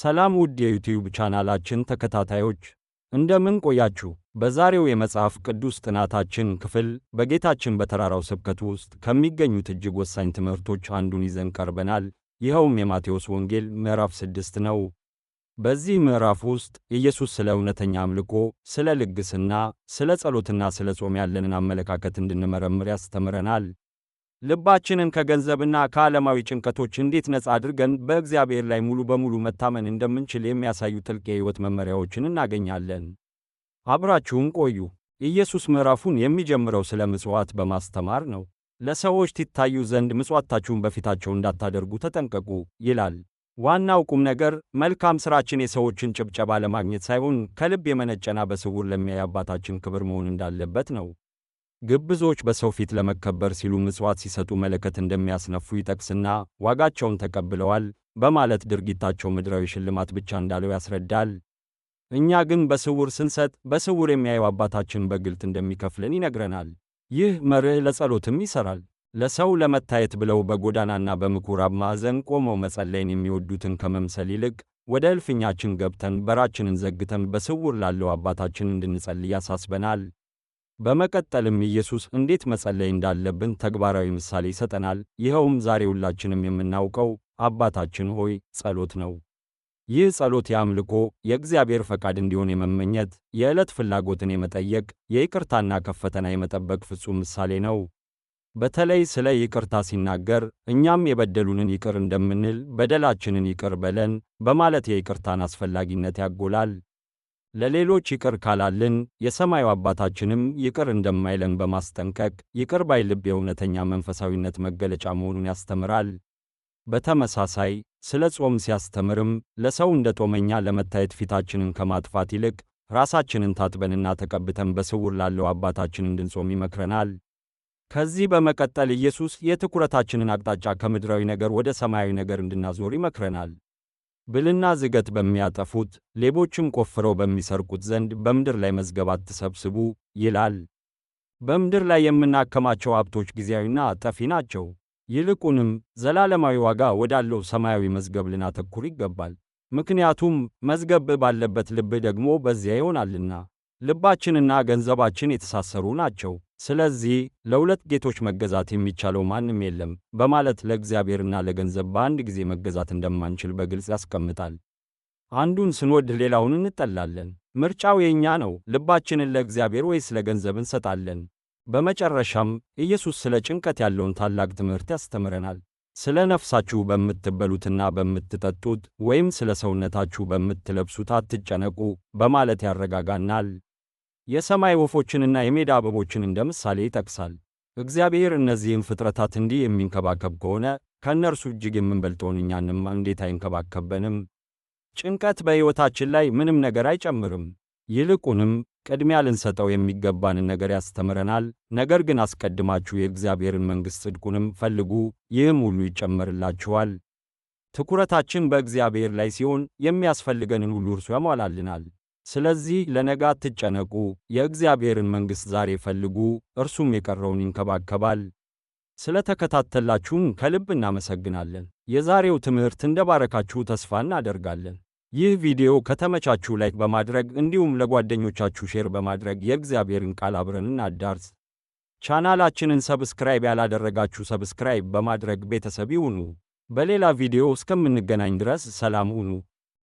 ሰላም ውድ የዩቲዩብ ቻናላችን ተከታታዮች እንደምን ቆያችሁ? በዛሬው የመጽሐፍ ቅዱስ ጥናታችን ክፍል በጌታችን በተራራው ስብከቱ ውስጥ ከሚገኙት እጅግ ወሳኝ ትምህርቶች አንዱን ይዘን ቀርበናል። ይኸውም የማቴዎስ ወንጌል ምዕራፍ ስድስት ነው። በዚህ ምዕራፍ ውስጥ ኢየሱስ ስለ እውነተኛ አምልኮ፣ ስለ ልግስና፣ ስለ ጸሎትና ስለ ጾም ያለንን አመለካከት እንድንመረምር ያስተምረናል። ልባችንን ከገንዘብና ከዓለማዊ ጭንቀቶች እንዴት ነፃ አድርገን በእግዚአብሔር ላይ ሙሉ በሙሉ መታመን እንደምንችል የሚያሳዩ ጥልቅ የሕይወት መመሪያዎችን እናገኛለን። አብራችሁን ቆዩ። ኢየሱስ ምዕራፉን የሚጀምረው ስለ ምጽዋት በማስተማር ነው። ለሰዎች ትታዩ ዘንድ ምጽዋታችሁን በፊታቸው እንዳታደርጉ ተጠንቀቁ ይላል። ዋናው ቁም ነገር መልካም ሥራችን የሰዎችን ጭብጨባ ለማግኘት ሳይሆን ከልብ የመነጨና በስውር ለሚያይ አባታችን ክብር መሆን እንዳለበት ነው። ግብዞች በሰው ፊት ለመከበር ሲሉ ምጽዋት ሲሰጡ መለከት እንደሚያስነፉ ይጠቅስና ዋጋቸውን ተቀብለዋል በማለት ድርጊታቸው ምድራዊ ሽልማት ብቻ እንዳለው ያስረዳል። እኛ ግን በስውር ስንሰጥ በስውር የሚያየው አባታችን በግልጥ እንደሚከፍልን ይነግረናል። ይህ መርህ ለጸሎትም ይሠራል። ለሰው ለመታየት ብለው በጎዳናና በምኩራብ ማዕዘን ቆመው መጸለይን የሚወዱትን ከመምሰል ይልቅ ወደ እልፍኛችን ገብተን በራችንን ዘግተን በስውር ላለው አባታችን እንድንጸልይ ያሳስበናል። በመቀጠልም ኢየሱስ እንዴት መጸለይ እንዳለብን ተግባራዊ ምሳሌ ይሰጠናል። ይኸውም ዛሬ ሁላችንም የምናውቀው አባታችን ሆይ ጸሎት ነው። ይህ ጸሎት የአምልኮ፣ የእግዚአብሔር ፈቃድ እንዲሆን የመመኘት፣ የዕለት ፍላጎትን የመጠየቅ፣ የይቅርታና ከፈተና የመጠበቅ ፍጹም ምሳሌ ነው። በተለይ ስለ ይቅርታ ሲናገር እኛም የበደሉንን ይቅር እንደምንል በደላችንን ይቅር በለን በማለት የይቅርታን አስፈላጊነት ያጎላል። ለሌሎች ይቅር ካላልን የሰማዩ አባታችንም ይቅር እንደማይለን በማስጠንቀቅ ይቅር ባይ ልብ የእውነተኛ መንፈሳዊነት መገለጫ መሆኑን ያስተምራል። በተመሳሳይ ስለ ጾም ሲያስተምርም ለሰው እንደ ጦመኛ ለመታየት ፊታችንን ከማጥፋት ይልቅ ራሳችንን ታጥበንና ተቀብተን በስውር ላለው አባታችን እንድንጾም ይመክረናል። ከዚህ በመቀጠል ኢየሱስ የትኩረታችንን አቅጣጫ ከምድራዊ ነገር ወደ ሰማያዊ ነገር እንድናዞር ይመክረናል። ብልና ዝገት በሚያጠፉት ሌቦችም ቆፍረው በሚሰርቁት ዘንድ በምድር ላይ መዝገብ አትሰብስቡ ይላል። በምድር ላይ የምናከማቸው ሀብቶች ጊዜያዊና ጠፊ ናቸው። ይልቁንም ዘላለማዊ ዋጋ ወዳለው ሰማያዊ መዝገብ ልናተኩር ይገባል። ምክንያቱም መዝገብ ባለበት ልብ ደግሞ በዚያ ይሆናልና። ልባችንና ገንዘባችን የተሳሰሩ ናቸው። ስለዚህ ለሁለት ጌቶች መገዛት የሚቻለው ማንም የለም በማለት ለእግዚአብሔርና ለገንዘብ በአንድ ጊዜ መገዛት እንደማንችል በግልጽ ያስቀምጣል። አንዱን ስንወድ ሌላውን እንጠላለን። ምርጫው የእኛ ነው። ልባችንን ለእግዚአብሔር ወይስ ለገንዘብ እንሰጣለን? በመጨረሻም ኢየሱስ ስለ ጭንቀት ያለውን ታላቅ ትምህርት ያስተምረናል። ስለ ነፍሳችሁ በምትበሉትና በምትጠጡት ወይም ስለ ሰውነታችሁ በምትለብሱት አትጨነቁ በማለት ያረጋጋናል። የሰማይ ወፎችንና የሜዳ አበቦችን እንደ ምሳሌ ይጠቅሳል። እግዚአብሔር እነዚህን ፍጥረታት እንዲህ የሚንከባከብ ከሆነ ከእነርሱ እጅግ የምንበልጠውን እኛንም እንዴት አይንከባከበንም? ጭንቀት በሕይወታችን ላይ ምንም ነገር አይጨምርም። ይልቁንም ቅድሚያ ልንሰጠው የሚገባንን ነገር ያስተምረናል። ነገር ግን አስቀድማችሁ የእግዚአብሔርን መንግሥት ጽድቁንም ፈልጉ፣ ይህም ሁሉ ይጨመርላችኋል። ትኩረታችን በእግዚአብሔር ላይ ሲሆን የሚያስፈልገንን ሁሉ እርሱ ያሟላልናል። ስለዚህ ለነገ አትጨነቁ፣ የእግዚአብሔርን መንግሥት ዛሬ ፈልጉ፣ እርሱም የቀረውን ይንከባከባል። ስለተከታተላችሁም ከልብ እናመሰግናለን። የዛሬው ትምህርት እንደባረካችሁ ተስፋ እናደርጋለን። ይህ ቪዲዮ ከተመቻችሁ ላይክ በማድረግ እንዲሁም ለጓደኞቻችሁ ሼር በማድረግ የእግዚአብሔርን ቃል አብረን እናዳርስ። ቻናላችንን ሰብስክራይብ ያላደረጋችሁ ሰብስክራይብ በማድረግ ቤተሰብ ይሁኑ። በሌላ ቪዲዮ እስከምንገናኝ ድረስ ሰላም ሁኑ።